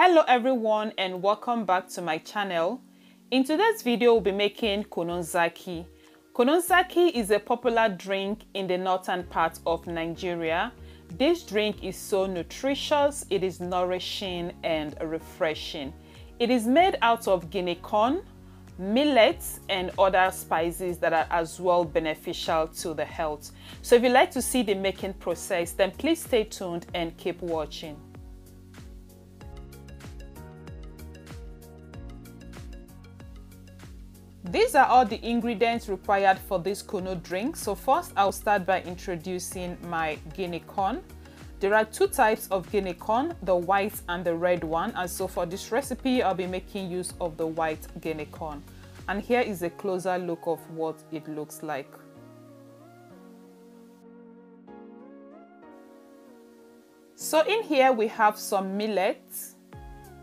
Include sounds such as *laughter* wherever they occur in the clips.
Hello everyone and welcome back to my channel. In today's video, we'll be making kononzaki. Kononzaki is a popular drink in the northern part of Nigeria. This drink is so nutritious, it is nourishing and refreshing. It is made out of guinea corn, millets and other spices that are as well beneficial to the health. So if you'd like to see the making process, then please stay tuned and keep watching. These are all the ingredients required for this kuno drink. So first I'll start by introducing my guinea corn. There are two types of guinea corn, the white and the red one. And so for this recipe, I'll be making use of the white guinea corn. And here is a closer look of what it looks like. So in here we have some millet,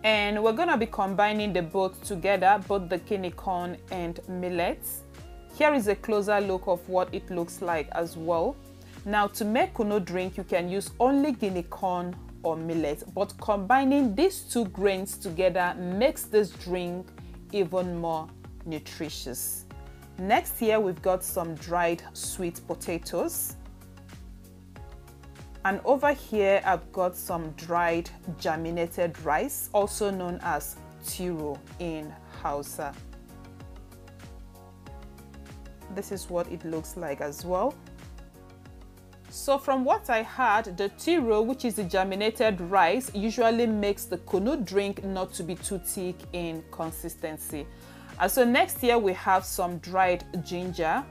and we're gonna be combining the both together both the guinea corn and millets here is a closer look of what it looks like as well now to make kuno drink you can use only guinea corn or millet but combining these two grains together makes this drink even more nutritious next here we've got some dried sweet potatoes and over here, I've got some dried germinated rice, also known as tiro in Hausa. This is what it looks like as well. So from what I had, the tiro, which is the germinated rice, usually makes the kunu drink not to be too thick in consistency. And so next here we have some dried ginger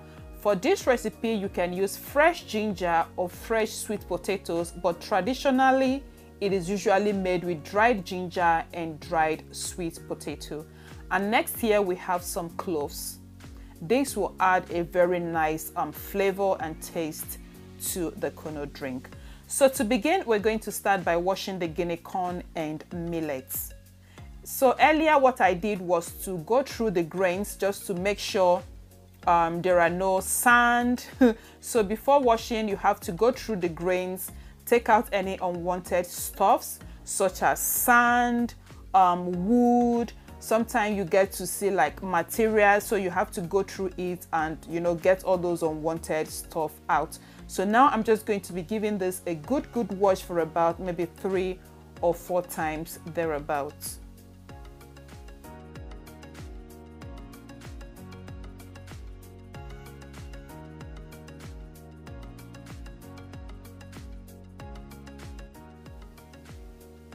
for this recipe, you can use fresh ginger or fresh sweet potatoes, but traditionally, it is usually made with dried ginger and dried sweet potato. And next here, we have some cloves. This will add a very nice um, flavor and taste to the kono drink. So to begin, we're going to start by washing the guinea corn and millets. So earlier what I did was to go through the grains just to make sure um, there are no sand. *laughs* so before washing, you have to go through the grains, take out any unwanted stuffs such as sand, um, wood. Sometimes you get to see like material, so you have to go through it and you know get all those unwanted stuff out. So now I'm just going to be giving this a good good wash for about maybe three or four times thereabouts.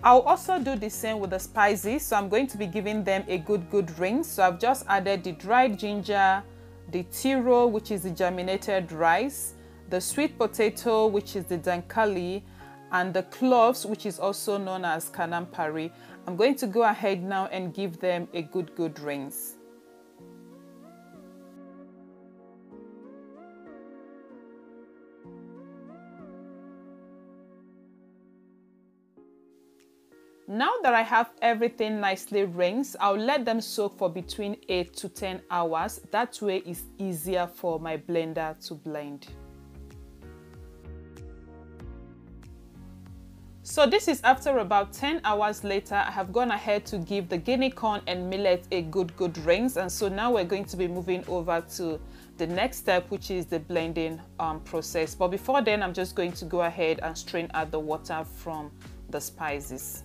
I'll also do the same with the spices. So I'm going to be giving them a good, good rinse. So I've just added the dried ginger, the tiro, which is the germinated rice, the sweet potato, which is the dankali, and the cloves, which is also known as kanampari. I'm going to go ahead now and give them a good, good rinse. Now that I have everything nicely rinsed, I'll let them soak for between 8 to 10 hours. That way it's easier for my blender to blend. So this is after about 10 hours later, I have gone ahead to give the guinea corn and millet a good, good rinse. And so now we're going to be moving over to the next step, which is the blending um, process. But before then, I'm just going to go ahead and strain out the water from the spices.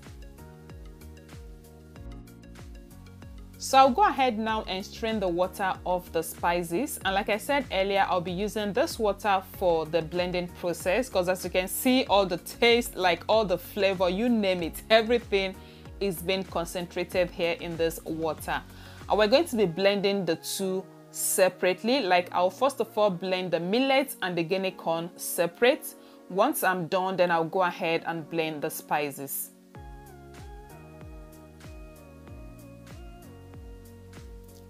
So I'll go ahead now and strain the water of the spices. And like I said earlier, I'll be using this water for the blending process because as you can see, all the taste, like all the flavor, you name it, everything is being concentrated here in this water. And we're going to be blending the two separately. Like I'll first of all blend the millet and the guinea corn separate. Once I'm done, then I'll go ahead and blend the spices.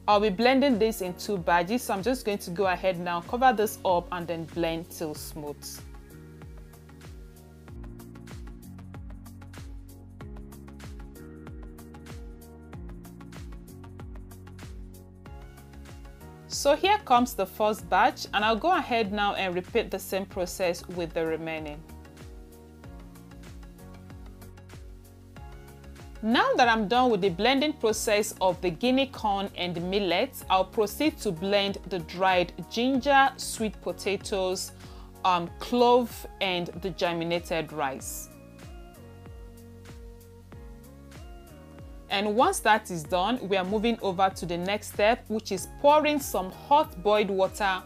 I'll be blending this in two badges, so I'm just going to go ahead now, cover this up and then blend till smooth. So here comes the first batch and I'll go ahead now and repeat the same process with the remaining. Now that I'm done with the blending process of the guinea corn and millet, I'll proceed to blend the dried ginger, sweet potatoes, um, clove, and the germinated rice. And once that is done, we are moving over to the next step, which is pouring some hot boiled water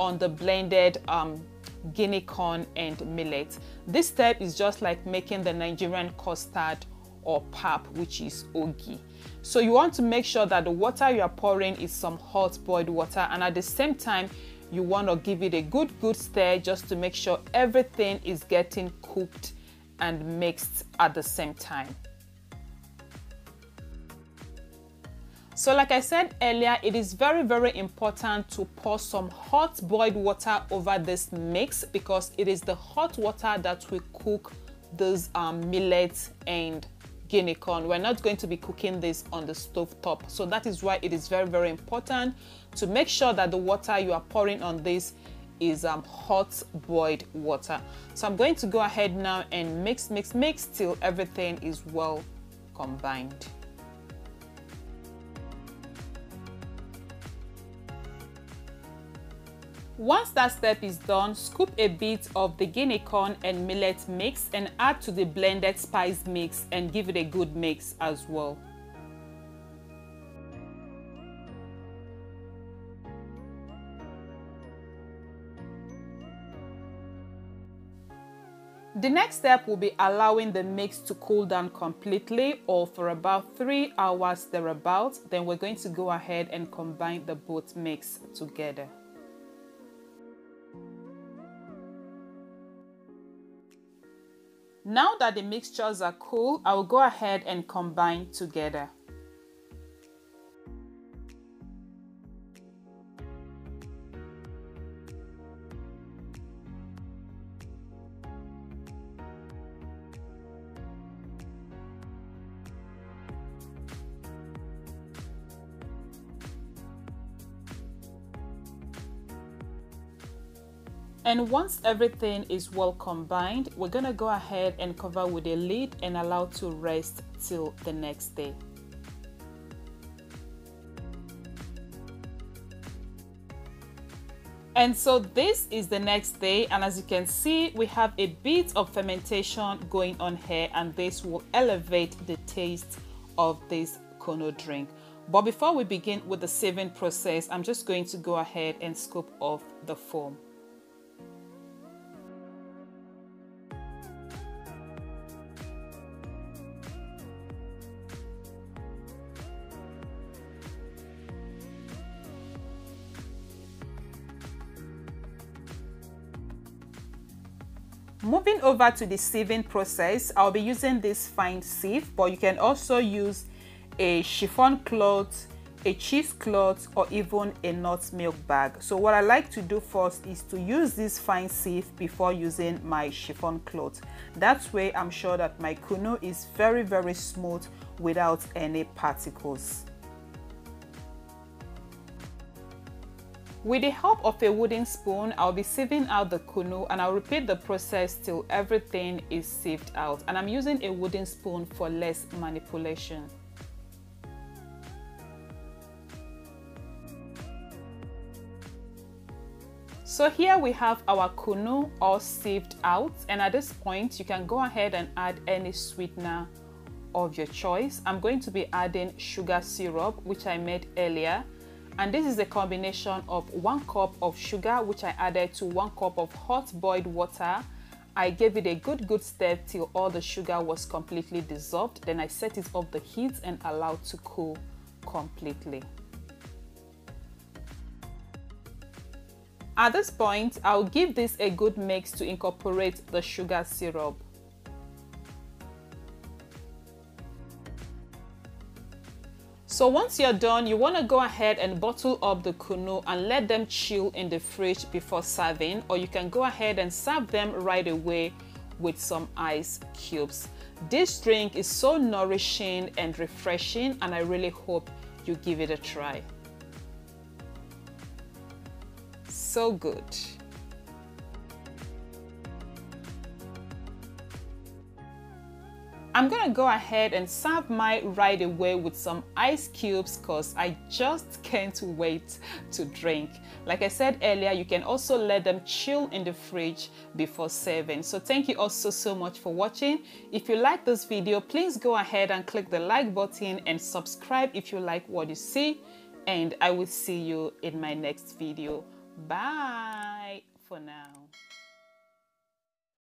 on the blended um, guinea corn and millet. This step is just like making the Nigerian custard or pap, which is ogi. So you want to make sure that the water you are pouring is some hot boiled water and at the same time you want to give it a good good stir just to make sure everything is getting cooked and mixed at the same time. So like I said earlier, it is very, very important to pour some hot boiled water over this mix because it is the hot water that will cook those um, millets and guinea corn. We're not going to be cooking this on the stove top. So that is why it is very, very important to make sure that the water you are pouring on this is um, hot boiled water. So I'm going to go ahead now and mix, mix, mix till everything is well combined. Once that step is done, scoop a bit of the guinea corn and millet mix and add to the blended spice mix and give it a good mix as well. The next step will be allowing the mix to cool down completely or for about 3 hours thereabouts. Then we're going to go ahead and combine the both mix together. Now that the mixtures are cool, I will go ahead and combine together. And once everything is well combined, we're gonna go ahead and cover with a lid and allow to rest till the next day. And so this is the next day and as you can see, we have a bit of fermentation going on here and this will elevate the taste of this Kono drink. But before we begin with the saving process, I'm just going to go ahead and scoop off the foam. Moving over to the sieving process, I'll be using this fine sieve, but you can also use a chiffon cloth, a cheesecloth, or even a nut milk bag. So what I like to do first is to use this fine sieve before using my chiffon cloth. That way I'm sure that my kunu is very, very smooth without any particles. With the help of a wooden spoon, I'll be sieving out the kunu and I'll repeat the process till everything is sieved out. And I'm using a wooden spoon for less manipulation. So here we have our kunu all sieved out and at this point you can go ahead and add any sweetener of your choice. I'm going to be adding sugar syrup which I made earlier and this is a combination of one cup of sugar which I added to one cup of hot boiled water I gave it a good good stir till all the sugar was completely dissolved then I set it off the heat and allowed to cool completely At this point I'll give this a good mix to incorporate the sugar syrup So once you're done, you want to go ahead and bottle up the kunu and let them chill in the fridge before serving or you can go ahead and serve them right away with some ice cubes. This drink is so nourishing and refreshing and I really hope you give it a try. So good. I'm gonna go ahead and serve my right away with some ice cubes cause I just can't wait to drink. Like I said earlier, you can also let them chill in the fridge before serving. So thank you also so much for watching. If you like this video, please go ahead and click the like button and subscribe if you like what you see. And I will see you in my next video. Bye for now.